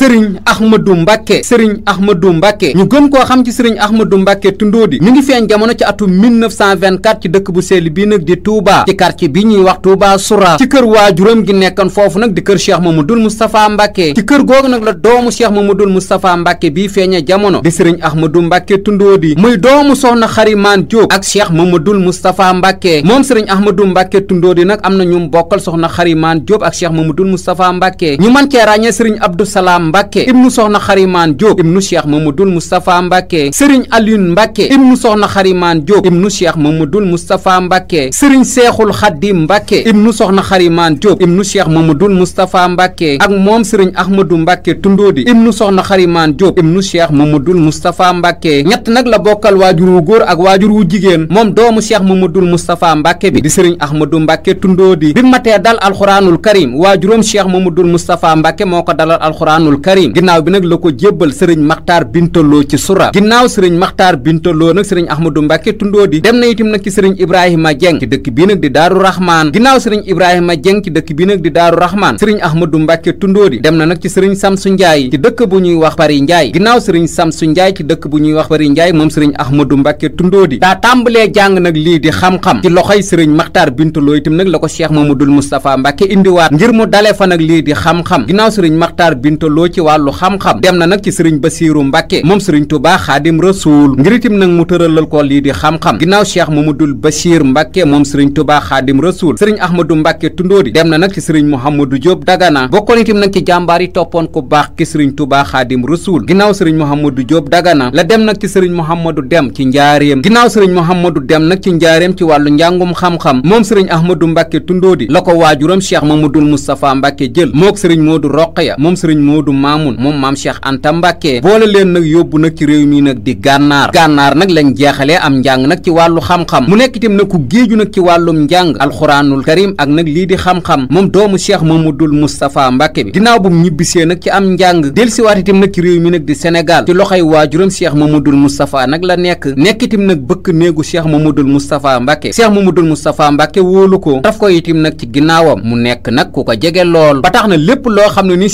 sëriñ Ahmadou Mbacke sëriñ Ahmadou Mbacke ñu gën koo xam ci sëriñ Ahmadou Mbacke Tundóodi mi ngi feeñ jamono ci atum 1924 ci dëkk bu sell bii nag di Touba ci quartier bi ñuy wax Touba Soura ci kër waa juróom gi nekkoon foofu nag di kër Cheikh Mamadul Moustapha Mbacke ci kër googu nag la doomu Cheikh Mamadul Moustapha Mbacke bii feeñee jamono di sëriñ Ahmadou Mbacke Tundóodi muy doomu soxna Xarimaan Diop ak Cheikh Mamadul Moustapha Mbacke moom sëriñ Ahmadou Mbacke Tundóodi nag am na ñu bokkal soxna Xarimaan Diop ak Cheikh Mamadul Moustapha Mbacke ñu man cee ràññee sëriñ Abdou Salam Mbacke ibnu soxna xarimaan Diop ibnu cheikh Mamadul Moustapha Mbacke Serigne Alioune Mbacke ibnu soxna xarimaan Diop ibnu cheikh Mamadul Moustapha Mbacke Serigne Seexul Xaddim Mbacke ibnu soxna xarimaan Diop ibnu cheikh Mamadul Moustapha Mbacke ak moom Serigne Ahmadou Mbacke Tundóodi ibnu soxna xarimaan Diop ibnu cheikh Mamadul Moustapha Mbacke ñett nag la bokkal waajur wu góor ak waajur wu jigéen moom doomu cheikh Mamadul Moustapha Mbacke bi di Serigne Ahmadou Mbacke Tundóodi bi matee dal alxuraanul karim waajuróom cheikh Mamadul Moustapha Mbacke moo ko dalal alxuraanul alxuraanul karim ginnaaw bi nag la ko jébbal sëriñ maxtaar bintaloo ci sura ginnaaw sëriñ maxtaar bintaloo nag sëriñ ahmadou mbàkke tundoo di dem na itam nag ci sëriñ ibrahima jeng ci dëkk bii nag di daaru raxmaan ginnaaw sëriñ ibrahima jeng ci dëkk bii nag di daaru raxmaan sëriñ ahmadou mbàkke tundoo di dem na nag ci sëriñ samsu njaay ci dëkk bu ñuy wax pari njaay ginnaaw sëriñ samsu njaay ci dëkk bu ñuy wax pari njaay moom sëriñ ahmadou mbàkke tundoo di daa tàmbalee jàng nag lii di xam-xam ci loxoy sëriñ maxtaar bintaloo itam nag la ko cheikh mamadul moustapha mbàkke indiwaat ngir mu dale fa nag lii di xam-xam ginnaaw sëriñ maxtaar bintaloo ci wàllu xam-xam dem na nag ci sëriñ Basiiru Mbàkke moom sëriñ Tuubaa Xaadim Rasuul ngir itam nag mu tëralal ko lii di xam-xam ginnaaw Cheikh Mamadul Bachir Mbàkke moom sëriñ Tuubaa Xaadim Rasuul sëriñ Ahmadou Mbàkke Tundóori dem na nag ci sëriñ Mouhamadou Diop Dagana bokkoon itam nag ci jàmbaar yi toppoon ku baax ki sëriñ Tuubaa Xaadim Rasuul ginnaaw sëriñ Mouhamadou jóob Dagana la dem nag ci sëriñ Mouhamadou Dem ci njaareem ginnaaw sëriñ Mouhamadou Dem nag ci njaareem ci wàllu njàngum xam-xam moom sëriñ Ahmadou Mbàkke Tundóori la ko waajuram Cheikh Mamadul Moustapha Mbàkke jël mook sëriñ Moodu Roqaya moom sëriñ Moodu Maamun moom maam Cheikh Anta Mbàkke boole leen nag yóbbu nag ci réew mi nag di gànnaar gànnaar nag lañ jeexalee am njàng nag ci wàllu xam-xam mu nekk itam nag ku géeju nag ci wàllum njàng alxuraanul karim ak nag lii di xam-xam moom doomu mu Mamadul Moustapha Mbàkke bi ginnaaw bu mu ñibbisee nag ci am njàng delsiwaat itam nag ci réew mi nag di Sénégal ci loxoy waajuram Cheikh Mamadul Moustapha nag la nekk nekk itam nag bëkk néegu Cheikh Mamadul Moustapha Mbàkke Cheikh Mamadul Moustapha Mbàkke wóolu ko daf ko itam nag ci ginnaawam mu nekk nag ko jege na lépp loo xam ne ni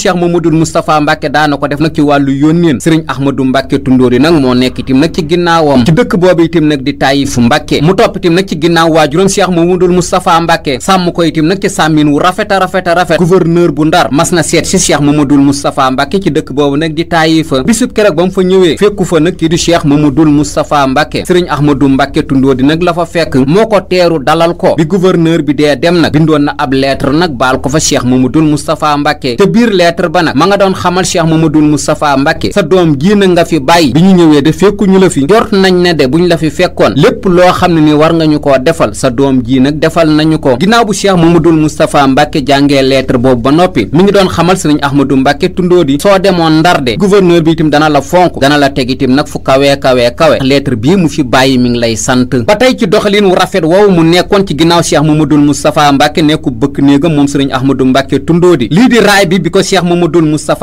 Moustapha Mbacke daana ko def nag ci wàllu yónneen sëriñ Ahmadou Mbacke Tundóori nag moo nekk itam nag ci ginnaawam ci dëkk boobu itam nag di Taïf Mbacke mu topp itam nag ci ginnaaw waajuram Cheikh Mamadou Moustapha Mbacke sàmm ko itam nag ci sàmmin wu rafet a rafet a rafet gouverneur bu Ndar mas na seet si Cheikh dul Moustapha Mbacke ci dëkk boobu nag di Taïf bisub keroog ba mu fa ñëwee fekku fa nag kii di Cheikh Mamadou Moustapha Mbacke sëriñ Ahmadou Mbacke Tundóori nag la fa fekk moo ko teeru dalal ko bi bi dee dem nag bindoon na ab lettre nag baal ko fa Cheikh Mamadou Moustapha Mbacke te biir xamal cheikh mamadul moustapha mbàkke sa doom ji na nga fi bàyyi bi ñu ñëwee de fekku ñu la fi jort nañ ne de bu ñu la fi fekkoon lépp loo xam ne ni war nga ñu koo defal sa doom ji nag defal nañu ko ginnaaw bu cheikh mamadul moustapha mbàkke jàngee lettre boobu ba noppi mu ngi doon xamal sëriñ ahmadou mbàkke tundoo di soo demoon ndar de gouverneur bi itam dana la fonk dana la teg itam nag fu kawee kawee kawe lettre bii mu fi bàyyi mi ngi lay sant ba tey ci doxalin wu rafet woowu mu nekkoon ci ginnaaw cheikh mamadul moustapha mbàkke nekku bëkk néegam moom sëriñ ahmadou mbàkke tundoo di lii di raay bi bi ko cheikh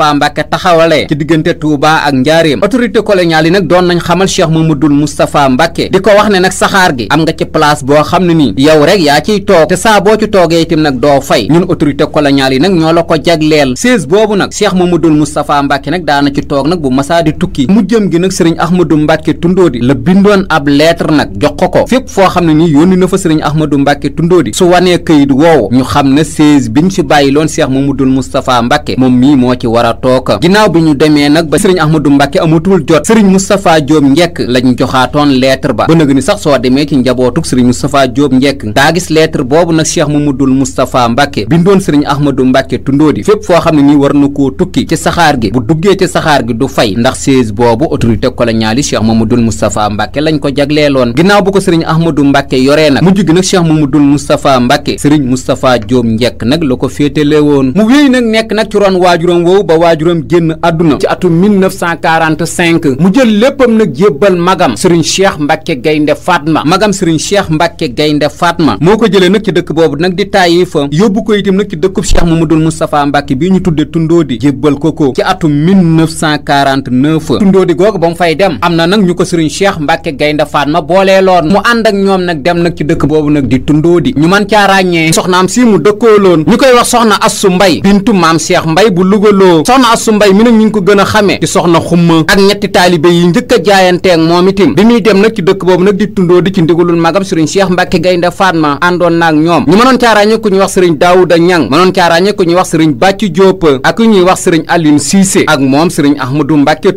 Moustapha Mbacke taxawalee ci diggante Touba ak Njaaréem autorité coloniale yi nag doon nañ xamal Cheikh Mamadou Moustapha Mbacke di ko wax ne nag saxaar gi am nga ci place boo xam ne nii yow rek yaa ciy toog te saa boo ci toogee itam nag doo fay ñun autorité coloniale yi nag ñoo la ko jagleel siège boobu nag Cheikh Mamadou Moustapha Mbacke nag daana ci toog nag bu masaa di tukki mujjëm gi nag sëriñ Ahmadou Mbacke Tundoodi la bindoon ab lettre nag jox ko fépp foo xam a toog ginnaaw bi ñu demee nag ba sëriñ Ahmadou Mbacke amatul jot sëriñ Moustapha Diop Njekk lañ joxaatoon lettre ba ba nag ni sax soo demee ci njabootug sëriñ Moustapha Diop Njekk daa gis lettre boobu nag Cheikh Mamadou Moustapha Mbacke bindoon sëriñ Ahmadou Mbacke Tundóodi fépp foo xam ne nii war na koo tukki ci saxaar gi bu duggee saxaar gi du fay ndax siège boobu autorité coloniale yi Cheikh Mamadou Moustapha Mbacke lañ ko jagleeloon ginnaaw ko sëriñ Ahmadou Mbacke yoree nag mujj gi nag Cheikh Mamadou Moustapha Mbacke sëriñ Moustapha Diop Njekk nag la ko féetale woon mu wéy nag nekk nag ci ron waajuram woowu ba waajuram génn àdduna ci atum 1945 mu jël léppam nag jébbal magam sëriñ cheikh mbàkke gaynde faatma magam sëriñ cheikh mbàkke gaynde faatma moo ko jëlee nag ci dëkk boobu nag di taayifa yóbbu ko itam nag ci dëkkub cheikh mamadul moustapha mbàkke bii ñu tuddee tundoodi jébbal ko ko ci atum 1949 tundoodi googu ba mu fay dem am na nag ñu ko sëriñ cheikh mbàkke gaynde faatma boolee loon mu ànd ak ñoom nag dem nag ci dëkk boobu nag di tundoodi ñu mën caa soxnaam si mu dëkkooloon ñu koy wax soxna assu soxna Astou Mbaye ñu ngi ko gën a xamee di soxna xumma ak ñetti taalibe yi njëkk a jaayanteeg moom itim bi muy dem nag ci dëkk boobu nag di tundoo di ci ndigalul magam sëriñ Cheikh Mbacke Gaynde Fatma àndoon naag ñoom ñu mënoon caa ku ñuy wax sëriñ Daouda Ñang mënoon caa ràññee ku ñuy wax sëriñ Bàcci Diop ak ku ñuy wax sëriñ Alioune Cissé ak moom sëriñ Ahmadou Mbacke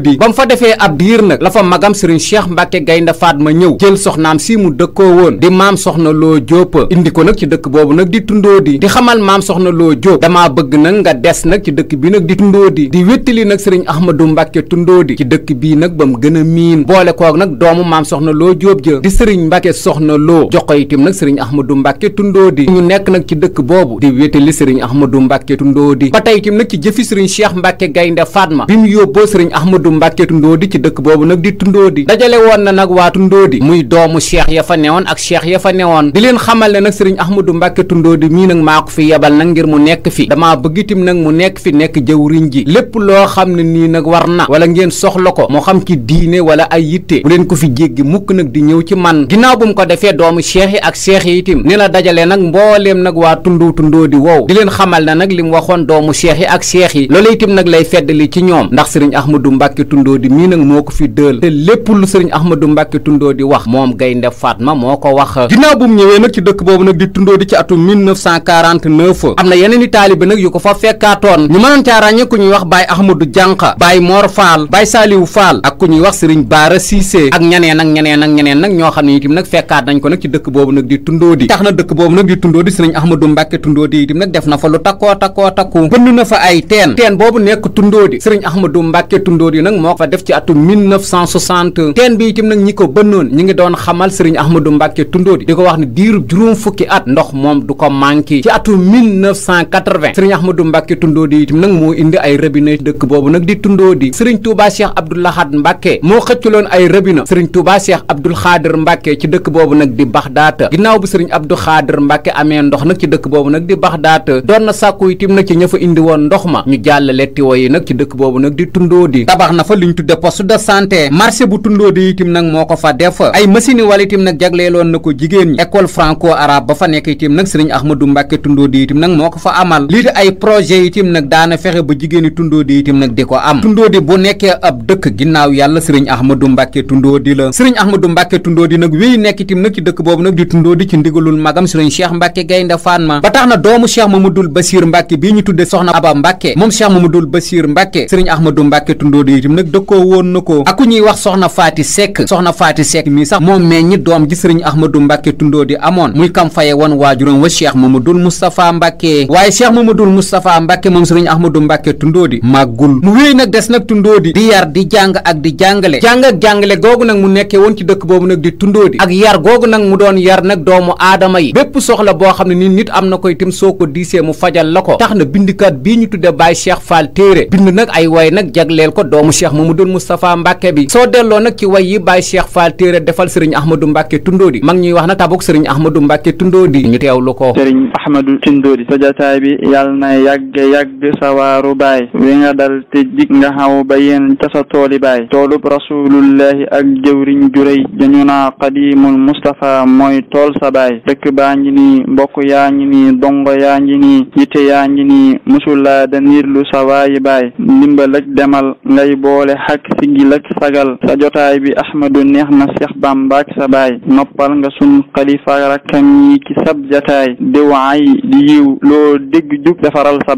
di ba mu fa defee ab diir nag la fa magam sëriñ Cheikh Mbacke Gaynde Fatma ñëw jël soxnaam si mu dëkkoo woon di maam soxna loo Diop indi ko nag ci dëkk boobu nag di tundoo di di xamal maam soxna loo Diop damaa bëgg nag nga des nag ci dëkk bi nag di Tundóodi di wéttali nag sëriñ Ahmadou Mbàkke Tundóodi ci dëkk bii nag ba mu gën a miin boole koog nag doomu maam soxna loo jóob ja di sëriñ Mbàkke soxna loo jox ko itam nag sëriñ Ahmadou Mbàkke Tundóodi ñu nekk nag ci dëkk boobu di wéttali sëriñ Ahmadou Mbàkke Tundóodi ba tey itam nag ci jëfi sëriñ Cheikh Mbàkke Gaynde Fatma bi mu yóbboo sëriñ Ahmadou Mbàkke Tundóodi ci dëkk boobu nag di Tundóodi dajale woon na nag waa Tundóodi muy doomu cheikh ya fa woon ak cheikh ya fa ne woon di leen xamal ne nag sëriñ Ahmadou Mbàkke Tundóodi mii nag maa ko fi yebal nag ngir mu nekk fi dama bëgg itam nag mu nekk fi nekk jë jëwriñ ji lépp loo xam ne nii nag war na wala ngeen soxla ko moo xam ci diine wala ay yitte bu leen ko fi jéggi mukk nag di ñëw ci man ginnaaw bu ko defee doomu seex yi ak seex yi itam ni la dajalee nag mbooleem nag waa tundoo tundoo di wow di leen xamal na nag li mu waxoon doomu seex yi ak seex yi loolu itam nag lay feddali ci ñoom ndax sëriñ Ahmadou Mbàkke tundoo di mii nag moo ko fi dël te lépp lu sëriñ Ahmadou Mbàkke tundoo di wax moom gaynde Fatma moo ko wax ginnaaw ci dëkk boobu nag i taalibe nag yu ko fa fekkaatoon ñu mënoon caa ràññe ku ñuy wax baay ahmadou jànqa baay moor faal baay saaliwu faal ak ku ñuy wax sëriñ baara siisee ak ñeneen ak ñeneen ak ñeneen nag ñoo xam ne itam nag fekkaat nañ ko nag ci dëkk boobu nag di tundoo sëriñ ahmadou mbàkke tundoo di moo fa def ci atum teen bi itam nag ñi ko bënnoon ñi ngi doon xamal sëriñ ahmadou mbàkke tundoo di ko wax ne diiru juróom fukki at ndox moom du ko manqué ci atum sëriñ ahmadou mbàkke tundoo di itam nag moo indi ay robinet dëkk boobu nag di tundoo di sëriñ Touba Cheikh Abdou Lahad Mbacke moo xëcculoon ay robinet sëriñ Touba Cheikh Abdou Khader Mbacke ci dëkk boobu nag di Baxdaata ginnaaw bu sëriñ Abdou Khader Mbacke amee ndox nag ci dëkk boobu nag di Baxdaata doon na sàkku itim nag ci ña fa indi woon ndox ma ñu jàllale tiwo yi nag ci dëkk boobu nag di tundoo di tabax na fa liñ tudde poste de santé marché bu tundoo di itim nag moo ko fa def ay machine wala itim nag na ko jigéen ñi école franco arabe ba fa nekk itim nag sëriñ Ahmadou Mbacke tundoo di itim nag moo ko fa amal lii fexe ba jigéeni tundoodi itam nag di ko am tundoodi bu nekkee ab dëkk ginnaaw yàlla sëriñ ahmadu mbàkke tundoodi la sëriñ ahmadu mbàkke tundoodi nag wéy nekk nag ci dëkk boobu nag di tundoodi ci ndigalul magam sëriñ cheikh mbàkke gaynde fatma ba tax na doomu cheikh mamadul basir mbàkke bii ñu tudde soxna aba mbàkke moom cheikh mamadul basir mbàkke sëriñ ahmadu mbàkke tundoodi itam nag dëkkoo woon na ko ak ku ñuy wax soxna faati sekk soxna faati sekk mii sax moom meññi doom ji sëriñ ahmadu mbàkke tundoodi amoon muy kam faye woon waajuram wa cheikh Mbàkke Tundóodi màggul mu wéy nag des nag Tundóodi di yar di jàng ak di jàngale jàng ak jàngale googu nag mu nekkee woon ci dëkk boobu nag di Tundóodi ak yar googu nag mu doon yar nag doomu aadama yi bépp soxla boo xam ne ni nit am na koy tim soo ko diisee mu fajal la ko tax na bind bindikat bi ñu tudde Baye Cheikh Fall téere bind nag ay way nag jagleel ko doomu Cheikh Mamadou Moustapha Mbàkke bi soo delloo nag ci way yi Baye Cheikh Fall téere defal sëriñ Ahmadou Mbàkke Tundóodi mag ñuy wax na tabuk sëriñ Ahmadou Mbàkke Tundóodi ñu teewlu ko sëriñ Ahmadou Tundóodi sa jataay bi yàlla na yàgg yàgg waaru baay wi nga dal te jig nga xaw ba yéen ca sa tooli baay toolub rasulullahi ak jëwriñ juréy dañu naa qadimul mustafa mooy tool sa baay dëkk baa ngi nii mbokk yaa ngi nii dongo yaa ngi nii yitte yaa ngi nii musullaa da niir lu sa waayi baay ndimbal ak demal ngay boole xak sigil ak sagal sa jotaay bi ahmadu neex na seex bambaak sa baay noppal nga sun xalifa rakkam yi ci sab jataay di waay yiw loo dégg jub defaral sa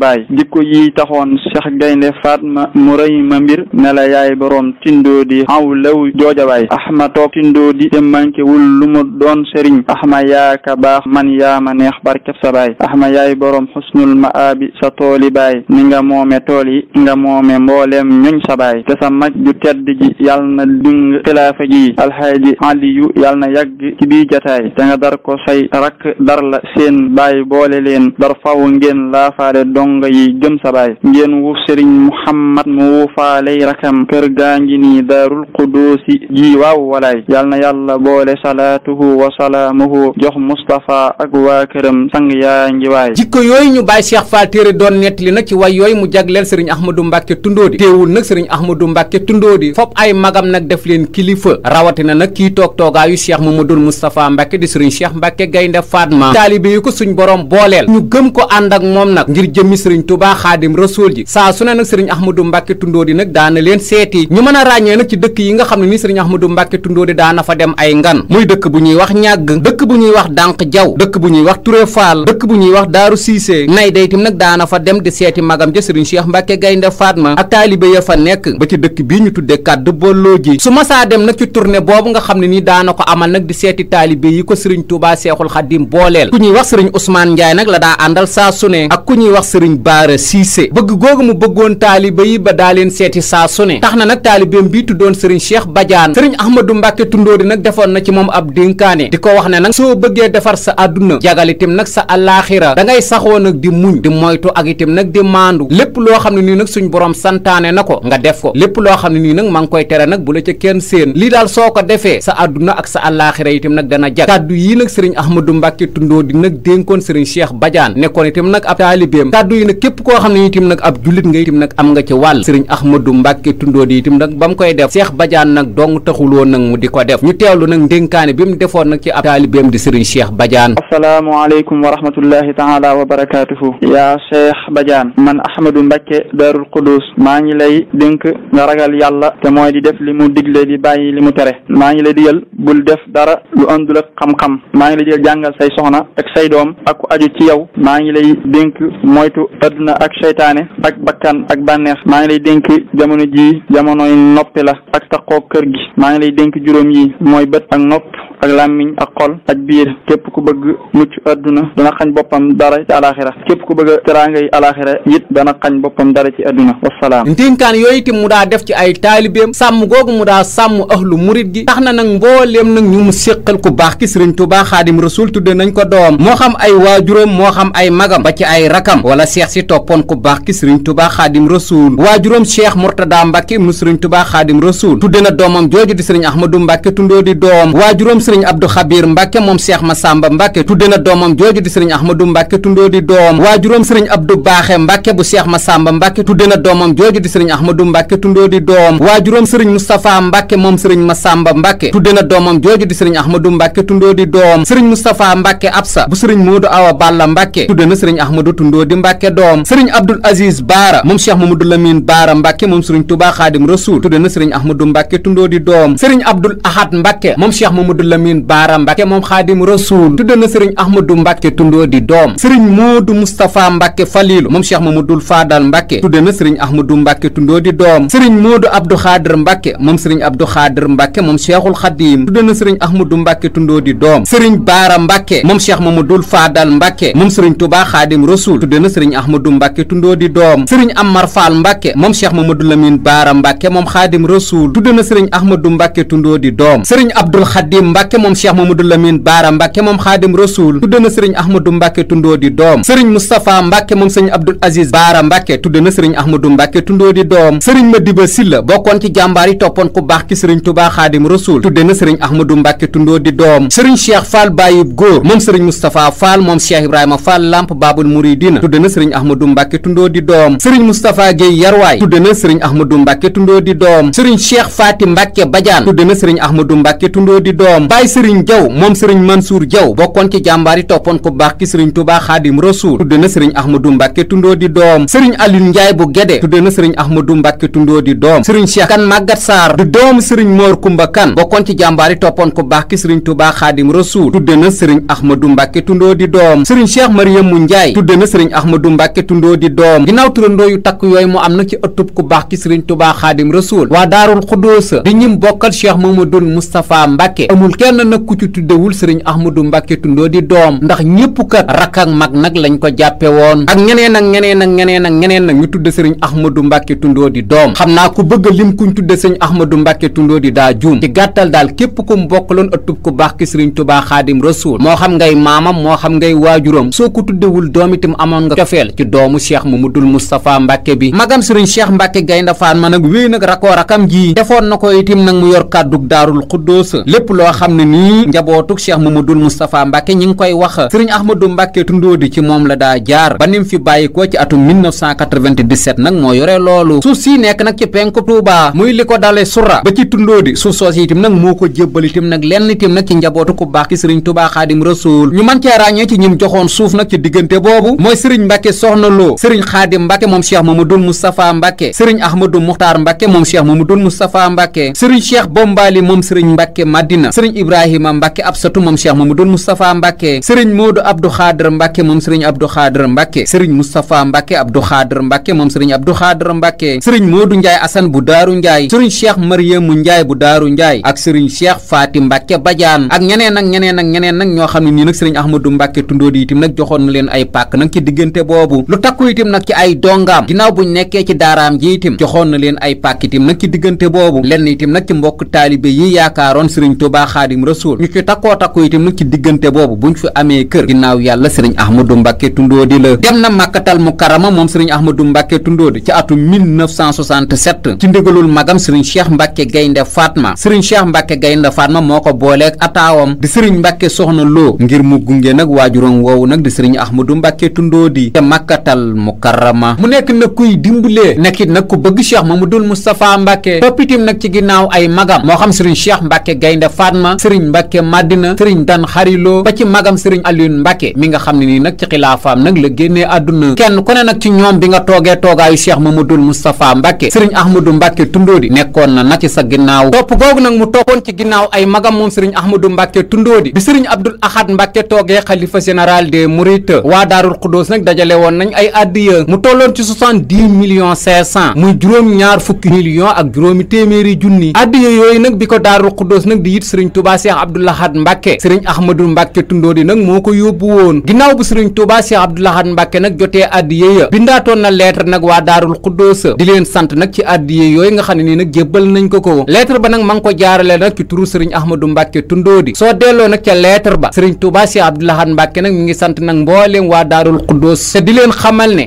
taxoon Cheikh Gaynde Fatma ma rëy ma mbir ne yaay boroom tindoo di aw law joojawaay axma toog tindoo di te manqué wul lu mu doon sëriñ axma yaaka baax man yaa ma neex barkeb sa baay axma yaay boroom xusnul maabi sa tooli baay ni nga moome tool yi nga moome mbooleem ñuñ sa baay te sa mag ju tedd ji na dung xilaafa ji alxaaji aliyu yal na yàgg ci bii jataay te nga dar ko say rakk dar la seen baay boole leen dar faw ngeen laafaale donga yi jëm ngeen wuuf sëriñ muhammad mu wuufaaley rakam kër gaa ngi nii daarul quduusi ji waaw walaay yal na yàlla boole salaatuhu wa salaamuhu jox mustapha ak waa këram sang yaa ngi waay jikko yooyu ñu bàyyi cheikh fall téere doon nettali nag ci way yooyu mu jagleel sëriñ ahmadou mbàkke tundóo di teewul nag sëriñ ahmadou mbàkke tundóo di fop ay magam nag def leen kilifa rawatina nag kii toog toogaayu cheikh mamadul mustapha mbàkke di sëriñ cheikh mbàkke gaynde faatma taalibe yi ko suñ borom booleel ñu gëm ko ànd ak moom nag ngir jëmmi sëriñ tubaa xaadim rasool ji saa su ne nag sëriñ ahmadou mbàkke tundoodi nag daana leen seeti ñu mën a ràññee nag ci dëkk yi nga xam ne nii sëriñ ahmadou mbàkke tundoodi daana fa dem ay ngan muy dëkk bu ñuy wax ñàgg dëkk bu ñuy wax dànq jaw dëkk bu ñuy wax turé faal dëkk bu ñuy wax daaru siisee nay daytim nag daana fa dem di seeti magam ja sëriñ cheikh mbàkke gaynde faatma ak taalibe ya fa nekk ba ci dëkk bii ñu tudde kàddu bolloo ji su masaa dem nag ci tournée boobu nga xam ne nii daana ko amal nag di seeti taalibe yi ko sëriñ tuubaa seexul xaddim booleel ku ñuy wax sëriñ ousmane njaay nag la daa àndal saa su ne ak ku ñuy wax sëriñ baara siise bëgg googu mu bëggoon taaliba yi ba daa leen seeti saa su ne tax na nag taalibeem bii tuddoon sëriñ Cheikh Badiane sëriñ Ahmadou Mbacke Tundóori nag defoon na ci moom ab dénkaane di ko wax ne nag soo bëggee defar sa àdduna jagal itam nag sa àllaaxira da ngay saxoo nag di muñ di moytu itam nag di lépp loo xam ne nii nag suñ borom santaane na ko nga def lépp loo xam ne nii nag maa ngi koy tere nag bu la ca kenn séen lii daal soo ko defee sa àdduna ak sa àllaaxira itam nag dana jag yii nag sëriñ Ahmadou Mbacke Tundóori nag dénkoon sëriñ Cheikh Badiane nekkoon itam nag ab taalibeem kàddu yi nag képp koo xam ne itam nag ab jullit nga itam nag am nga ci wàll sëriñ Ahmadou Mbàkke tundoo di itam nag ba mu koy def Cheikh Badiane nag dong taxuloo nag mu di ko def ñu teewlu nag ndénkaane bi mu defoon nag ci ab taalibeem di sëriñ Cheikh Badiane asalaamaaleykum wa rahmatullahi taala wa barakaatuhu yaa Cheikh Badiane man Ahmadou Mbàkke Daarul Qudus maa ngi lay dénk nga ragal yàlla te mooy di def li mu digle di bàyyi li mu tere maa ngi lay digal bul def dara lu àndul ak xam-xam maa ngi lay digal jàngal say soxna ak say doom ak ku ci yow maa ngi lay dénk santaane ak bakkan ak bànneex maa ngi lay dénk jamono ji jamonoy noppi la ak taqoo kër gi maa ngi lay dénk juróom yi mooy bët ak nopp ak làmmiñ ak xol ak biir képp ku bëgg mucc àdduna dana xañ boppam dara ci alaxira képp ku bëgg teraangay alaxira it dana xañ boppam dara ci àdduna wasalaam ndénkaan yooyu itam mu daa def ci ay taalibeem sàmm googu mu daa sàmm ahlu murit gi tax na nag mbooleem nag ñu mu séqal ku baax ki sëriñ Tuubaa Xaadim Rasuul tudde ko doom moo xam ay ba ci ay rakam wala baax ki sëriñ tubaa xaadim rasuul waajuram cheikh mourtada mbàkke ibnu sëriñ tubaa xaadim rasuul tudde na doomam jooju di sëriñ ahmadu mbàkke tundoo di doom waajuram sëriñ abdu xabir mbàkke moom cheikh masamba mbàkke tudde na doomam jooju di sëriñ ahmadu mbàkke tundoo di doom waajuram sëriñ abdu baaxe mbàkke bu cheikh masamba mbàkke tudde na doomam jooju di sëriñ ahmadu mbàkke tundoo di doom waajuram sëriñ mustapha mbàkke moom sëriñ masamba mbàkke tudde na doomam jooju di sëriñ ahmadu mbàkke tundoo di doom sëriñ mustapha mbàkke absa bu sëriñ moodu awa balla mbàkke tudde na sëriñ ahmadu tundoo di mbàkke doom sëriñ abdul Aziz Baara moom Cheikh Mamadou Lamine Baara Mbacke moom Serigne Touba Khadim Rasoul tudde na Serigne Ahmadou Mbacke tundoo di doom Serigne Abdoul Ahad Mbacke moom Cheikh Mamadou Lamine Baara Mbacke moom Khadim Rasoul tudde na Serigne Ahmadou Mbacke tundoo di doom Serigne Modou Moustapha Mbacke Falilu moom Cheikh Mamadou Fadal Mbacke tudde na Serigne Ahmadou Mbacke tundoo di doom Serigne Modou Abdou Khadir Mbacke moom Serigne Abdou Khadir Mbacke moom Cheikhul Khadim tudde na Serigne Ahmadou Mbacke tundoo di doom Serigne Baara Mbacke moom Cheikh Mamadou Fadal Mbacke moom Serigne Touba Khadim Rasoul tudde na Serigne Ahmadou Mbacke tundoo di doom sëriñ Amar Fall Mbacke moom Cheikh Mamadou Lamine Baara Mbacke moom Xaadim Rasuul tudd na sëriñ Ahmadou Mbacke Tundoo di doom sëriñ Abdul Xadim Mbacke moom Cheikh Mamadou Lamine Baara Mbacke moom Xaadim Rasuul tudd na sëriñ Ahmadou Mbacke Tundoo di doom sëriñ Moustapha Mbacke moom sëriñ Abdul Aziz Baara Mbacke tudd na sëriñ Ahmadou Mbacke Tundoo di doom sëriñ Madiba Silla bokkoon ci jàmbaar yi toppoon ku baax ki sëriñ Touba Xaadim Rasuul tudd na sëriñ Ahmadou Mbacke Tundoo di doom sëriñ Cheikh Fall Bayib Góor moom sëriñ Moustapha Fall moom Cheikh Ibrahima Fall Lamp Baabul Muridina tudd na sëriñ Ahmadou Mbacke Tundoo Tundoo di doom sëriñ Moustapha Guèye Yarwaay tudde na sëriñ Ahmadou Mbàkke Tundoo di doom sëriñ Cheikh Faati Mbàkke Badiane tudde na sëriñ Ahmadou Mbàkke Tundoo di doom Baye sëriñ Jaw moom sëriñ Mansour Jaw bokkoon ci jàmbaar yi toppoon ku baax ki sëriñ Touba Xaadim Rasuul tudde na sëriñ Ahmadou Mbàkke Tundoo di doom sëriñ Alioune Ndiaye bu Gédé tudde na sëriñ Ahmadou Mbàkke Tundoo di doom sëriñ Cheikh Kan Màggat Saar du doom sëriñ Mor Kumba Kan bokkoon ci jàmbaar yi toppoon ku baax ki sëriñ Touba Xaadim Rasuul tudde na sëriñ Ahmadou Mbàkke Tundoo di doom sëriñ Cheikh Mariamu Ndiaye tudde na sëriñ Ahmadou Mbàkke Tundoo boroom ginnaaw turandoo yu takk yooyu mu am na ci ëttub ku baax ki sëriñ tubaa xaadim rasuul waa daarul xudóosa di ñim bokkal cheikh mamadul moustapha mbàkke amul kenn nag ku ci tuddewul sëriñ ahmadu mbàkke tundoo di doom ndax ñépp kat rakk ak mag nag lañ ko jàppe woon ak ñeneen ak ñeneen ak ñeneen ak ñeneen nag ñu tudde sëriñ ahmadu mbàkke tundoo di doom xam naa ko bëgg lim kuñ tudde sëriñ ahmadu mbàkke tundoo di daa juum ci gàttal daal képp ku mu bokkaloon ëttub ku baax ki sëriñ tubaa xaadim rasuul moo xam ngay maamam moo xam ngay waajuram soo ko tuddewul doom itam amoon nga cofeel Mouhamadoul Moustapha Mbacke bi magam sëriñ Cheikh Mbacke Gaynde Fatma nag wéy nag rakoo rakam ji defoon na ko itim nag mu yor kàddug daarul xuddoos lépp loo xam ne nii njabootug Cheikh Mouhamadoul Moustapha Mbacke ñi ngi koy wax sëriñ Ahmadou Mbacke Tundóodi ci moom la daa jaar ba nim fi bàyyi ko ci atum nag moo yore loolu suuf si nekk nag ci penku Touba muy li ko dale sura ba ci Tundóodi suuf soos itim nag moo ko jébbal nag lenn itim nag ci njabootu xaadim mbàkke moom cheikh mamadul moustapha mbàkke sëriñ ahmadou muxtaar mbàkke moom cheikh mamadul moustapha mbàkke sëriñ cheikh bombaali moom sëriñ mbàkke madina sëriñ ibrahima mbàkke absatu moom cheikh mamadul moustapha mbàkke sëriñ moodu abdou xaadir mbàkke moom sëriñ abdou xaadir mbàkke sëriñ moustapha mbàkke abdou xaadir mbàkke moom sëriñ abdou xaadir mbàkke sëriñ moodu njaay asan bu daaru njaay sëriñ cheikh mariamu njaay bu daaru njaay ak sëriñ cheikh faati mbàkke bajaan ak ñeneen ak ñeneen ak ñeneen nag ñoo xam ne nii nag sëriñ ahmadou mbàkke tundóo di itam nag joxoon na leen ay pàkk nag ci diggante boobu lu takku itam nag nag ci ay dongaam ginnaaw buñ nekkee ci daaraam ji itim joxoon na leen ay pàkk itim nag ci diggante boobu lenn itim nag ci mbokk taalibe yi yaakaaroon sëriñ Tuubaa Xaadim Rasuul ñu ci takkoo takku itim nag ci diggante boobu buñ fi amee kër ginnaaw yàlla sëriñ Ahmadou Mbàkke Tundóodi la dem na màkkatal mukarama moom sëriñ Ahmadou Mbàkke Tundóodi ci atum ci ndigalul magam sëriñ Cheikh Mbàkke Gaynde Fatma sëriñ Cheikh Mbàkke Gaynde Fatma moo ko booleeg ataawam di sëriñ Mbàkke Soxna Lo ngir mu gunge nag waajuram woowu nag di sëriñ Ahmadou Mbàkke Tundóodi mukarrama mu nekk nag kuy dimbalee nekkit nag ku bëgg cheikh mamadul moustapha mbàkke toppitim nag ci ginnaaw ay magam moo xam sëriñ cheikh mbàkke gaynde fatma sëriñ ba ci magam sëriñ aliyun mbàkke mi nga xam ne nii nag ci xilaafaam nag la génnee àdduna kenn ku ne nag ci ñoom bi nga toogee toogaayu cheikh mamadul moustapha mbàkke sëriñ tundoodi nekkoon na nag ci sa ginnaaw topp googu nag mu toppoon ci ginnaaw ay magam moom sëriñ ahmadou mbàkke tundoodi bi sëriñ abdul ahad mbàkke toogee xalifa général des mourides waa daarul xudóos nag dajale woon nañ ay addiya la mu tolloon ci soixante-dix millions cinq cent muy juróom-ñaar fukki millions ak juróomi téeméeri junni addiya yooyu nag bi ko daarul xuddoos nag di it sëriñ Touba Cheikh Abdou sëriñ Ahmadou Mbacke Tundóori nag moo ko yóbbu woon ginnaaw bu sëriñ Touba Cheikh Abdou Lahad Mbacke nag jotee addiya ya bindaatoon na lettre nag waa daarul xuddoos di leen sant nag ci addiya yooyu nga xam ne nii nag jébbal nañ ko ko lettre ba nag ma ko jaarale nag ci turu sëriñ Ahmadou Mbacke Tundóori soo delloo nag ba sëriñ Touba Cheikh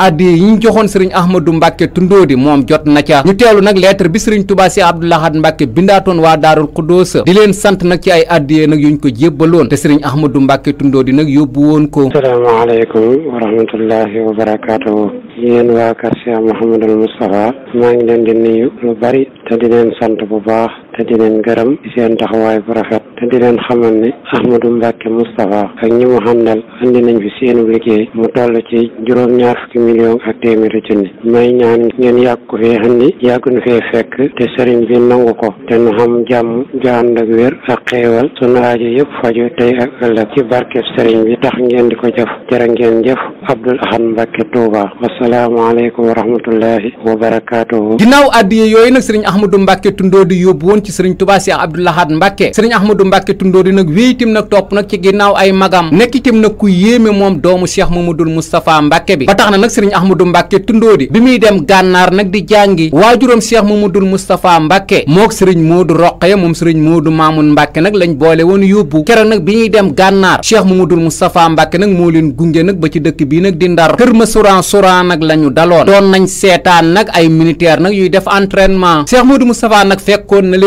Abdou addiya yi ñu joxoon sëriñ ahmadou mbàkke tundoodi moom jot na ca ñu teelu nag lettre bi sëriñ tubaa si abdoulahad mbàkke bindaatoon waa daarul xudoosa di leen sant nag ci ay addiya nag yuñ ko jébbaloon te sëriñ ahmadou mbàkke tundoodi nag yóbbu woon ko asalaamaaleykum wa rahmatullahi wa barakaatuhu yéen waa kër cheikh mouhamadul moustapha maa ngi leen di nuyu lu bari te di leen sant bu baax te di leen gërëm ci seen taxawaay bu rafet te di leen xamal ne Ahmadou Mbacke Moustapha ak ñi mu àndal andi nañ fi seenu liggéey mu toll ci juróom ñaar fukki million ak téeméeri junni may ñaan ngeen yàgg ko fee andi yàgg nu fee fekk te sëriñ bi nangu ko te nu xam jàmm jànd ak wér ak xéewal sunu aajo yëpp faju tey ak ëllëg ci barkeb sëriñ bi tax ngeen di ko jëf jërë ngeen jëf Abdoul Ahad Mbacke Touba wasalaamualeykum wa rahmatullahi wa barakaatuhu ginnaaw addiye yooyu nag sëriñ Ahmadou Mbacke Tundoo ci sëriñ tubaa seex abdul ahad mbàkke sëriñ ahmadu mbàkke tundóori nag wéy itam nag topp nag ci ginnaaw ay magam nekk itam nag ku yéeme moom doomu cheikh mamadul moustapha mbàkke bi ba tax na nag sëriñ ahmadu mbàkke tundóori bi muy dem gànnaar nag di jàngi waajuram cheikh mamadul moustapha mbàkke mook sëriñ moodu roqaya moom sëriñ moodu maamun mbàkke nag lañ boole woon yóbbu keroog nag bi ñuy dem gànnaar cheikh mamadul moustapha mbàkke nag moo leen gunge nag ba ci dëkk bii nag di ndar kër ma suran suran nag la ñu daloon doon nañ seetaan nag ay militaire nag yuy def entraînement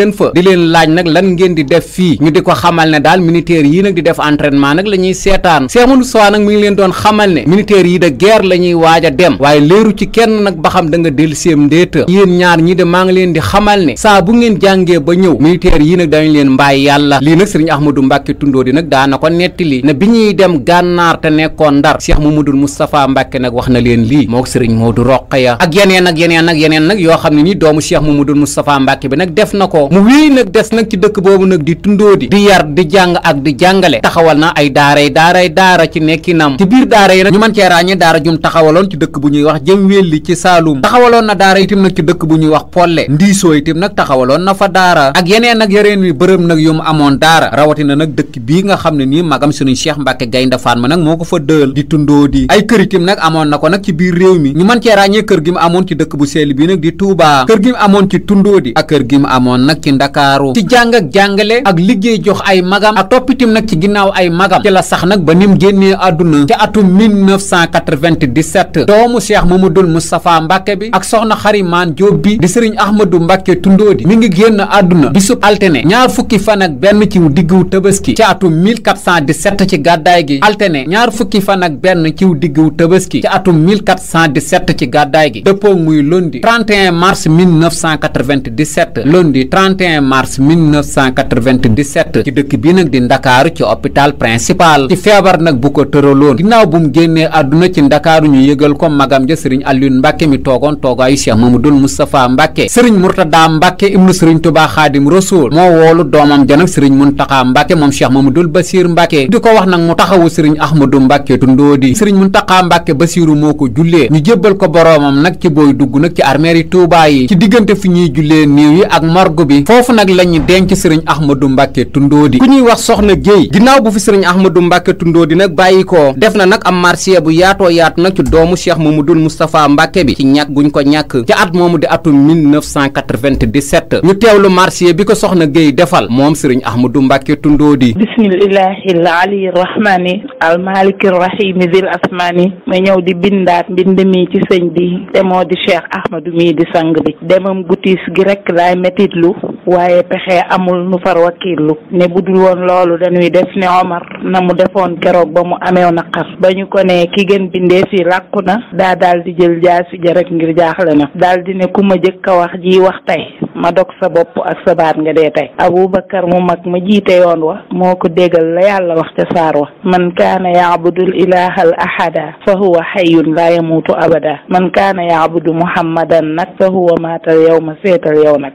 leen di leen laaj nag lan ngeen di def fii ñu di ko xamal ne daal militaire yii nag di def entraînement nag la ñuy seetaan Cheikh Amadou Sow nag mi ngi leen doon xamal ne militaire yi de guerre la ñuy waaj a waaye léeru ci kenn nag ba xam da nga del seem ndéeta yéen ñaar ñi de maa ngi leen di xamal ne saa bu ngeen jàngee ba ñëw militaire yi nag dañu leen mbaay yàlla lii nag sëriñ Ahmadou Mbacke di nag daana ko netti li ne bi ñuy dem gànnaar te nekkoon ndar Cheikh Mamadou Moustapha Mbacke nag wax na leen lii moo sëriñ Modou Rokhaya ak yeneen ak yeneen ak yeneen nag yoo xam ne ni doomu mu Mamadou Moustapha Mbacke bi nag def na ko mu wéy nag des nag ci dëkk boobu nag di tundoo di di yar di jàng ak di jàngale taxawal na ay daaray daaray daara ci nekki nam ci biir daara yi nag ñu mën cee ràññee daara jum taxawaloon ci dëkk bu ñuy wax jëm wélli ci saalum taxawaloon na daara itam nag ci dëkk bu ñuy wax polle ndiisoo itam nag taxawaloon na fa daara ak yeneen nag yareen wi bërëm nag yu mu amoon daara rawatina nag dëkk bii nga xam ne nii magam suñu Cheikh Mbacke Gaynde ma nag moo ko fa dël di tundoo di ay kër itam nag amoon na ko nag ci biir réew mi ñu mën cee ràññee kër gi mu amoon ci dëkk bu sell bi nag di Touba kër gi mu amoon tundoo di ak kër gi mu amoon nag ci ndakaaru ci jàng ak jàngale ak liggéey jox ay magam ak toppitim nag ci ginnaaw ay magam ci la sax nag ba nim génnee àdduna ci atum 1997 ma cheikh mamadul moustapha mbàkke bi ak soxna xarimaan jóob bi di sëriñ ahmadu mbàkke tundoodi mi ngi génn àdduna bisub altene ñaar fukki fan ak benn ci diggu tabaski ci atum 1417 ci gàddaay gi altene ñaar fukki fan ak benn ci diggu tabaski ci atum 1417 ci gàddaay gi dëppoo muy lundi 31 mars 1997 lundi 31 mars 1997 ci dëkk bi nag di ndakaaru ci hôpital principal ci feebar nag bu ko tëraloon ginnaaw bu mu génnee àdduna ci ndakaaru ñu yëgal ko magam ja sëriñ Alioune Mbàkke mi toogoon toogaayu Cheikh Mamadul Moustapha Mbàkke sëriñ Murtada Mbàkke ibnu sëriñ Tuubaa Xaadim Rasuul moo woolu doomam ja nag sëriñ Muntaxa Mbàkke moom Cheikh Mamadul Basiir Mbàkke di ko wax nag mu taxawu sëriñ Ahmadu Mbàkke Tundóodi sëriñ Muntaxa Mbàkke Basiiru moo ko jullee ñu jébbal ko boroomam nag ci booy dugg nag ci armeeri Tuubaa yi ci diggante fi ñuy jullee néew yi ak morgue bi foofu nag lañu denc sëriñ Ahmadou Mbacke Tundoodi ku ñuy wax soxna Guèye ginnaaw bu fi sëriñ Ahmadou Mbacke Tundoodi nag bàyyi ko def na nag am marché bu yaatoo yaatu nag ci doomu Cheikh Mamadou Moustapha Mbacke bi ci ñàkk guñ ko ñàkk ca at moomu di atum 1997 ñu lu marché bi ko soxna Guèye defal moom sëriñ Ahmadou Mbacke Tundoodi bismillahi ali rahmani al maliki rahimi dil asmani ma ñëw di bindaat mbind mi ci sëñ bi te moo di Cheikh Ahmadou mi di sang bi demam gi rek laay metitlu waaye pexe amul nu far wakiilu ne bu dul woon loolu dañuy def ne Omar na mu defoon keroog ba mu amee naqar ba ñu ko ne ki gën bindee fi làkku na daa daal di jël jaasi ja rek ngir jaaxle na daal di ne ku ma jëkk a wax ji wax tey ma dog sa bopp ak sa baat nga dee tey Abubakar mu mag ma jiite yoon wa moo ko déggal la yàlla wax ca saar wa man kaana yaabudul ilaha al ahada fa huwa xayun laa yamuutu abada man kaana yaabudu muhammadan nag fa huwa maatal yow ma seetal yow nag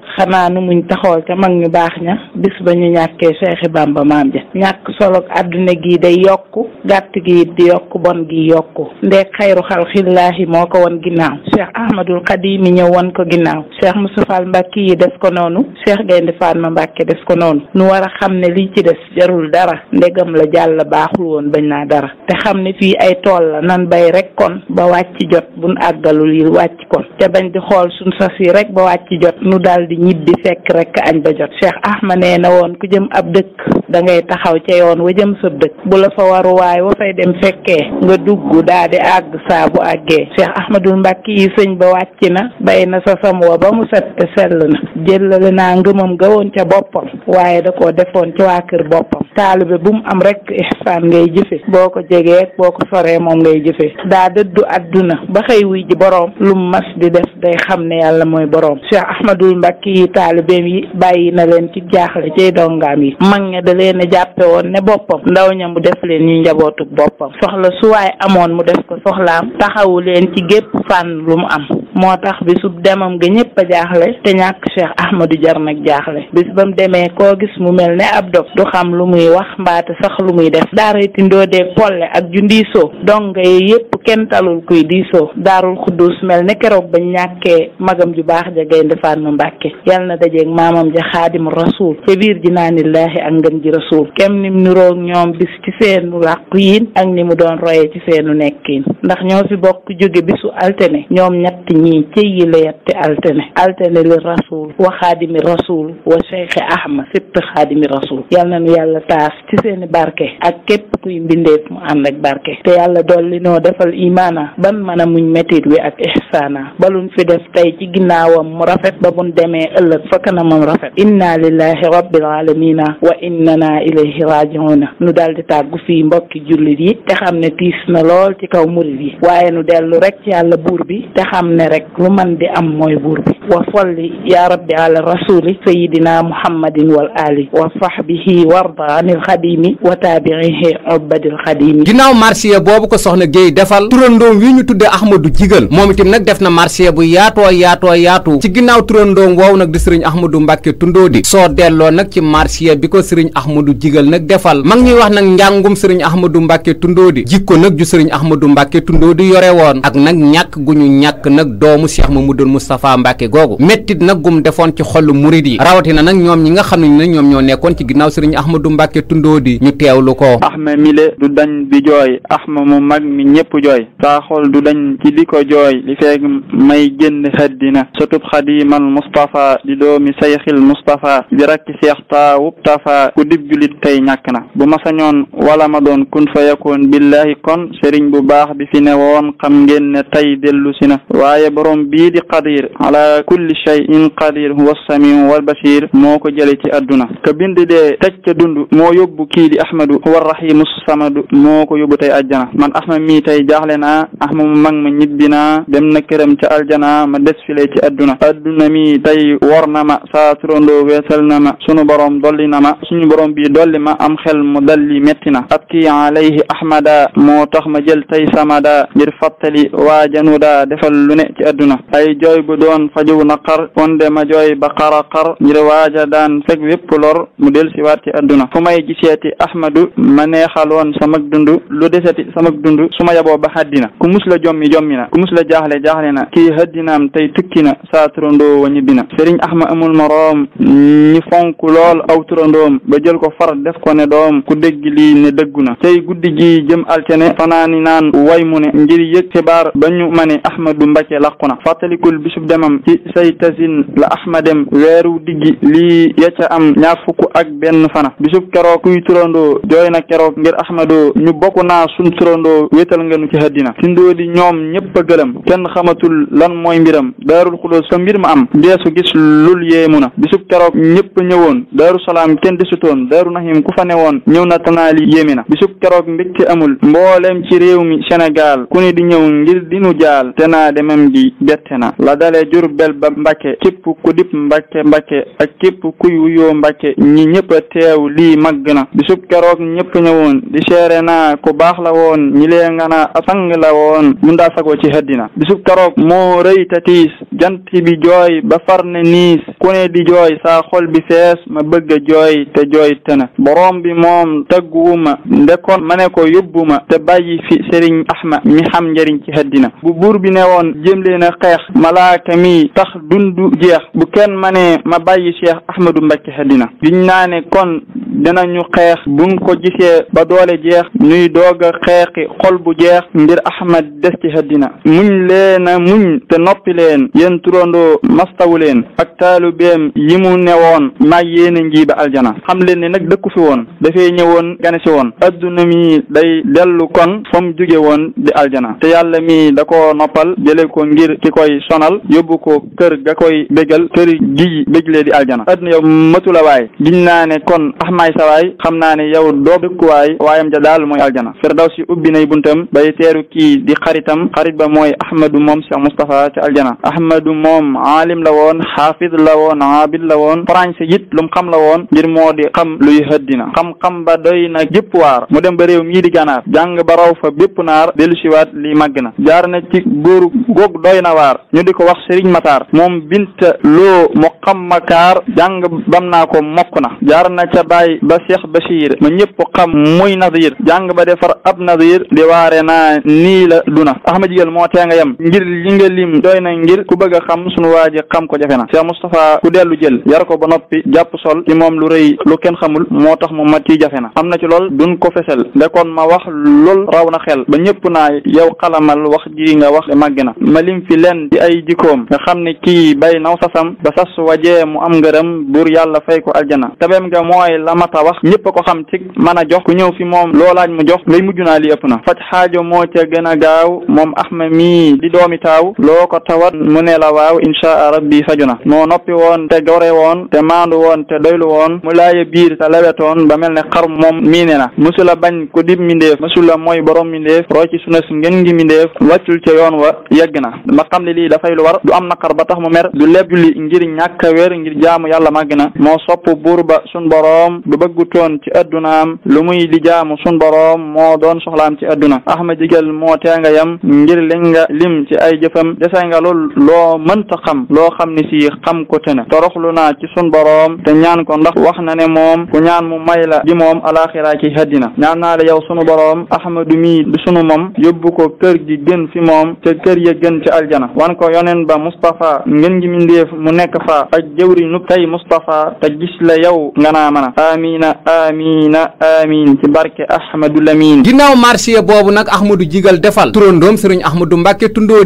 taxawal ca mag ñu baax ña bis ba ñu ñàkkee Seexi Bàmba maam ja ñàkk solo àdduna gi day yokk gàtt gi it di yokk bon gi yokk ndeek xayru xalqillaahi moo ko won ginnaaw Cheikh Ahmadul Xadimi ñëw won ko ginnaaw seex Moussa Fall Mbàkke yi des ko noonu seex Gaynde Fatma Mbàkke des ko noonu nu war a xam ne lii ci des jarul dara ndegam la jàll baaxul woon bañ naa dara te xam ne fii ay tool la nan bay rek kon ba wàcc jot buñ àggalul yi wàcc kon te bañ di rek añ ba jot Cheikh nee na woon ku jëm ab dëkk da ngay taxaw ca yoon wa jëm sa dëkk bu la fa waruwaay wa dem fekkee nga dugg daa àgg saa bu àggee Cheikh Ahmadul Mbàkke yi sëñ ba wàcc na bay na sa sam ba mu set te sell na jëllale naa ngëmam ga woon ca boppam waaye da koo defoon ci waa kër boppam taalibe bu mu am rek ihsaan ngay jëfe boo ko jegee boo ko soree moom ngay jëfe daa dëddu àdduna ba xëy wuy ji boroom lu mas di def day xam ne yàlla mooy boroom Cheikh Ahmadul Mbàkke yi taalibe taalibeem yi bàyyi na leen ci jaaxle cay dongaam yi mag ña da leen a jàppe woon ne boppam ndaw ña mu def leen ñu njabootug boppam soxla su waay amoon mu def ko soxlaam taxawu leen ci gépp fànn lu mu am moo tax bisub demam ga ñépp a jaaxle te ñàkk Cheikh Ahmadou Jar nag jaaxle bis ba mu demee koo gis mu mel ne ab dog du xam lu muy wax mbaate sax lu muy def daaray tindoo dee polle ak ju ndiisoo donga yi yépp kenn talul kuy diisoo daarul xuddus mel ne keroog bañ ñàkkee magam ju maamam ja xaadim rasul ca biir ji naa nillaahi ak ngëm ji kem nim niroog ñoom bis ci seen làqu yiin ak ni mu doon royee ci seenu nekkin ndax ñoo fi bokk jóge bisu altene ñoom ñett ñii cëy yi la yetti altene altene li rasul wa xaadimi rasul wa cheikhi ahmad sippi xaadimi rasul yal na nu yàlla taas ci seeni barke ak képp kuy mbindeef mu ànd ak barke te yàlla dolli noo defal imaana ban mën a muñ metit wi ak ihsaana balun fi def tey ci ginnaawam mu rafet ba bun demee ëllëg fa kanam kanamam rafet inna lillahi rabbil alamina wa innana ilayhi rajiuna nu daal di tàggu fi mbokki jullit yi te xam ne tiis na lool ci kaw murit yi waaye nu dellu rek ci yàlla buur bi te xam ne rek lu man di am mooy buur bi wa solli ya rabbi ala rasuli sayidina muhammadin wal ali wa sahbihi warda anil wa taabiihi ubadil xadimi ginnaaw marsiya boobu ko soxna Géey defal turandoom wi ñu tudde Ahmadou Jigal moom itam nag def na marsiya bu yaatoo yaatoo yaatu ci ginnaaw turandoom Ahmadou Mbacke Tundoodi soo delloo nag ci marsiya bi ko sëriñ Ahmadou jigal nag defal mag ñuy wax nag njàngum sëriñ Ahmadou Mbacke Tundoodi jikko nag ju sëriñ Ahmadou Mbacke Tundoodi yore woon ak nag ñàkk gu ñu ñàkk nag doomu Cheikh Mamadou Moustapha Mbacke googu méttit nag gum defoon ci xolu murid yi rawatina nag ñoom ñi nga xam ne ñoom ñoo nekkoon ci ginnaaw sëriñ Ahmadou Mbacke Tundoodi ñu teewlu ko Ahma mile du dañ di jooy Ahma mu mag mi ñépp jooy saa xol du dañ ci di ko jooy li feeg may génn xeddina sotub sayxil mustafa bi rakki seex taawub tafa ku dib julit tey ñàkk na bu ma sañoon wala ma doon kun fa yakoon billahi kon sëriñ bu baax bi fi ne woon xam ngeen ne tey dellu si na waaye borom bii di qadir ala kulli shay'in qadir huwa samiu wal basir moo ko jële ci adduna ka bind dee tej ca dund moo yóbbu kii di ahmadu huwa rahimu samadu moo ko yóbbu tey ajjana man ahma mii tey jaaxle naa ahma mu mag ma ñibbi dem na këram ci aljana ma des file ci adduna saa turandoo weesal na ma sunu borom dolli na ma suñu borom bi dolli ma am xel mu dalli metti na abki alayhi ahmada moo tax ma jël tey samada ngir fàttali waa januda defal lu ne ci adduna ay jooy bu doon fajuw naqar onde ma jooy ba xara xar ngir waaja daan fekk wépp lor mu del si waat ci adduna fu may giseeti ahmadu ma neexal neexaloon samag dund lu deseti samag dund su ma yaboo ba xaddina ku mus la jommi jommi na ku mus la jaaxle jaaxle na kii haddinaam tey tukki na saa turandoo moroom ñi fonk lool aw turandoom ba jël ko far def ko ne doom ku dégg lii ne dëggu na tey guddi gi jëm altene fanaani naan way mu ne ngir yëg xibaar ba ñu ma ne ahmadu mbake laqu na fàttalikul bisub demam ci say tasin la ahmadem weeru diggi li ya ca am ñaar fukk ak benn fana bisub keroog kuy turandoo jooy na keroog ngir ahmadu ñu bokk naa sun turandoo wétal nga nu ci haddina sindoo di ñoom ñépp a gëlëm kenn xamatul lan mooy mbiram daarul xulóos fa mbir am maymuna bisub keroog ñëpp ñëwoon daaru salaam kenn desutoon daaru nahim ku fa newoon ñëw na tanaali yéemi na bisub keroog mbégte amul mboolem ci réew mi Sénégal ku ne di ñëw ngir di nu jaal te naa demam gi bette na la dale Jurbel ba Mbàkke képp ku dip Mbàkke Mbàkke ak képp kuy wuyoo Mbàkke ñi ñëpp a teew lii màgg na bisub keroog ñëpp ñëwoon di seere na ku baax la woon ñi lee nga a asang la woon mun daa sagoo ci xëddina bisub keroog moo rëy te tiis jant bi jooy ba far ne niis ku ne di jooy saa xol bi fees ma bëgg jooy te jooy tëna boroom bi moom tagguwuma ndekoon ma ne ko yóbbu ma te bàyyi fi sëriñ ahma mi xam njariñ ci àddina bu buur bi ne woon jëm leen a xeex malaaka mi tax dundu jeex bu kenn ma ne ma bàyyi cheikh ahmadu mbàkke àddina juñ naa ne kon dinañu xeex buñ ko jisee ba doole jeex ñuy doog a xeexi xol bu jeex mbir ahmad des ci àddina muñ leena muñ te noppi leen seen turandoo mastawu leen ak taalubeem yi mu newoon maag yéene njiiba aljana xam leen ne nag dëkku fi woon dafay ñëwoon gane si woon adduna mi day dellu kon fom mu jóge woon di aljana te yàlla mi da ko noppal jële ko ngir ki koy sonal yóbbu ko kër ga koy bégal kër gi béglee di aljana adduna yow matu giñ naa ne kon axmaay ah sawaay xam naa ne yow doo dëkkuwaay waayam ja daal mooy aljana firdawsi ubbi nay buntam bay teeru kii di xaritam xarit ba mooy ahmadu moom waaye du moom aalim la woon xaafid la woon aabid la woon français it lu mu xam la woon ngir moo di xam luy hëddina xam-xam ba doy na jëpp waar mu dem ba réew mii di ganaar jàng ba raw fa bépp naar dellu waat li màgg na jaar na ci góor goog doy na waar ñu di ko wax sëriñ mataar moom binta loo mu xam makaar jàng bam naa ko mokk na jaar na ca baay ba seex basiir ma ñëpp xam muy nadir jàng ba defar ab nadir di waare naa nii la duna axama jigéen moo tee nga yem bëgg a xam sunu waa xam ko jafe na Cheikh Moustapha ku dellu jël yar ko ba noppi jàpp sol ci moom lu rëy lu kenn xamul moo tax mu mat ci jafe na am na ci lool duñ ko fesal de kon ma wax lool raw na xel ba ñëpp naa yow xalamal wax ji nga wax màgg na ma lim fi len di ay jikkoom nga xam ne kii bay naw sasam ba sas waje mu am ngërëm buur yàlla fay ko aljana tabeem nga mooy la mata wax ñëpp ko xam ci man a jox ku ñëw fi moom loolaaj mu jox ngay mujj naa li ëpp na faj xaajo a ne la waaw inchaa rabbi faju na moo noppi woon te gore woon te maandu woon te doylu woon mu laaye biir te lewetoon ba mel ne xar moom miine na musula bañ ku dib mindéef musula mooy borom mindéef roo ci sunas ngeen ngi mindéef wàccul ca yoon wa yegg na ba xam ne lii dafay lu war du am naqar ba tax mu mer du leb julli ngir ñàkk a ngir jaamu yàlla màgg na moo sopp buur ba sun boroom bu bëggutoon ci addunaam lu muy di jaamu sun boroom moo doon soxlaam ci adduna ahma jigal moo tee loo mënta xam loo xam ni si xam ko te na toroxlu naa ci sun boroom te ñaan ko ndax wax na ne moom ku ñaan mu may la ji moom alaxira ci haddina ñaan naa la yow sunu boroom ahmadu mii du sunu moom yóbbu ko kër gi gën fi moom te kër ya gën ci aljana wan ko yonen ba Mustafa ngën gi mindeef mu nekk fa ak jëwri nu tey Mustafa te gis la yow nga naa mën a amina amina amin ci barke ahmadu lamin ginnaaw marché boobu nag ahmadu jigal defal turandoom sëriñ ahmadu mbàkke tundóo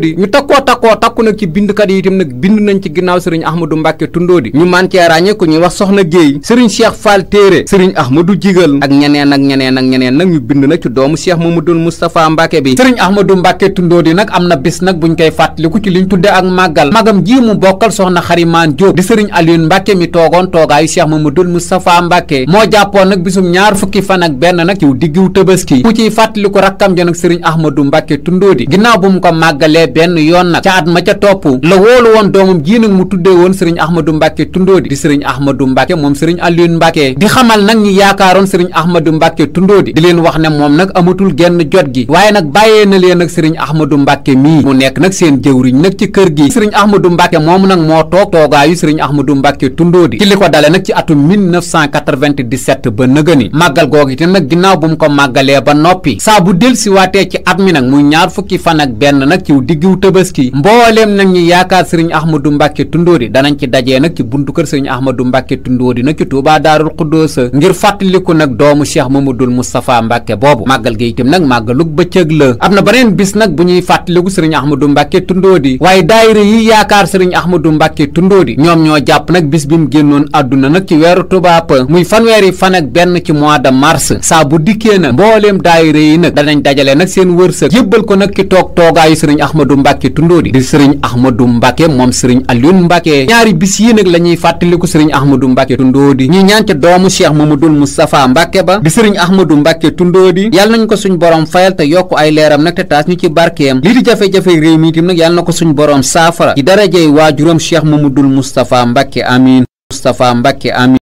bindkat yi itam nag bind nañ ci ginnaaw sëriñ ahmadou mbàkke tundoodi ñu man cee ku ñuy wax soxna géey sëriñ cheikh fall téere sëriñ ahmadou jigal ak ñeneen ak ñeneen ak ñeneen nag ñu bind nag ci doomu cheikh mamadou moustapha mbàkke bi sëriñ ahmadou mbàkke tundoodi nag am na bis nag buñ koy fàttaliku ci liñ tudde ak màggal magam ji mu bokkal soxna xarimaan jóob di sëriñ alioune mbàkke mi toogoon toogaayu cheikh mamadou moustapha mbàkke moo jàppoon nag bisum ñaar fukki fan ak benn nag ciw diggiw tëbaski ku ciy fàttaliku rakkam ja nag sëriñ ahmadou mbàkke tundoodi ginnaaw bu mu ko màggalee benn yoon nag ma ca topp ñëw la woolu woon doomam jii nag mu tuddee woon sëriñ ahmadou mbàkke tundoodi di sëriñ ahmadou mbàkke moom sëriñ Alioune mbàkke di xamal nag ñi yaakaaroon sëriñ ahmadou mbàkke tundoodi di leen wax ne moom nag amatul genn jot gi waaye nag bàyyee na leen nag sëriñ ahmadou mbàkke mii mu nekk nag seen jëwriñ nag ci kër gi sëriñ ahmadou mbàkke moomu nag moo toog toogaayu sëriñ ahmadou mbàkke tundoodi ci li ko dale nag ci atum 1997 ba nëgëni màggal googu itam nag ginnaaw bu mu ko màggalee ba noppi saa bu del si ci at mi nag muy ñaar fukki fan ak benn nag ciw diggiw tëbaski mbooleem nag ci yaakaar sëriñ Ahmadou Mbacke Tundóori danañ ci dajee nag ci buntu kër sëriñ Ahmadou Mbacke Tundóori nag ci Touba Daarul Xuddoos ngir fàttaliku nag doomu Cheikh Mamadou Moustapha Mbacke boobu màggal gi itam nag màggalug bëccëg la am na beneen bis nag bu ñuy fàttaliku sëriñ Ahmadou Mbacke Tundóori waaye daayira yi yaakaar sëriñ Ahmadou Mbacke Tundóori ñoom ñoo jàpp nag bis bi mu génnoon àdduna nag ci weeru tubaab muy fanweeri fan ak benn ci mois de mars saa bu dikkee na mbooleem daayira yi nag danañ dajale nag seen wërsëg yëbbal ko nag ki toog toogaayu sëriñ Ahmadou Mbacke Tundóori di sëriñ Ahmadou Ahmadou Mbacke moom sëriñ Alioune Mbacke ñaari bis yi nag la ñuy fàttaliku sëriñ Ahmadou Mbacke Tundóodi ñi ñaan ca doomu Cheikh Mamadou Moustapha Mbacke ba di sëriñ Ahmadou Mbacke Tundóodi yàlla nañ ko suñ borom fayal te yokk ay leeram nag te taas ñu ci barkeem lii di jafe-jafe réew mi itam nag yàlla na ko suñ borom saafara ci darajey waajuram Cheikh Mamadou Moustapha Mbacke amin Moustapha Mbacke amin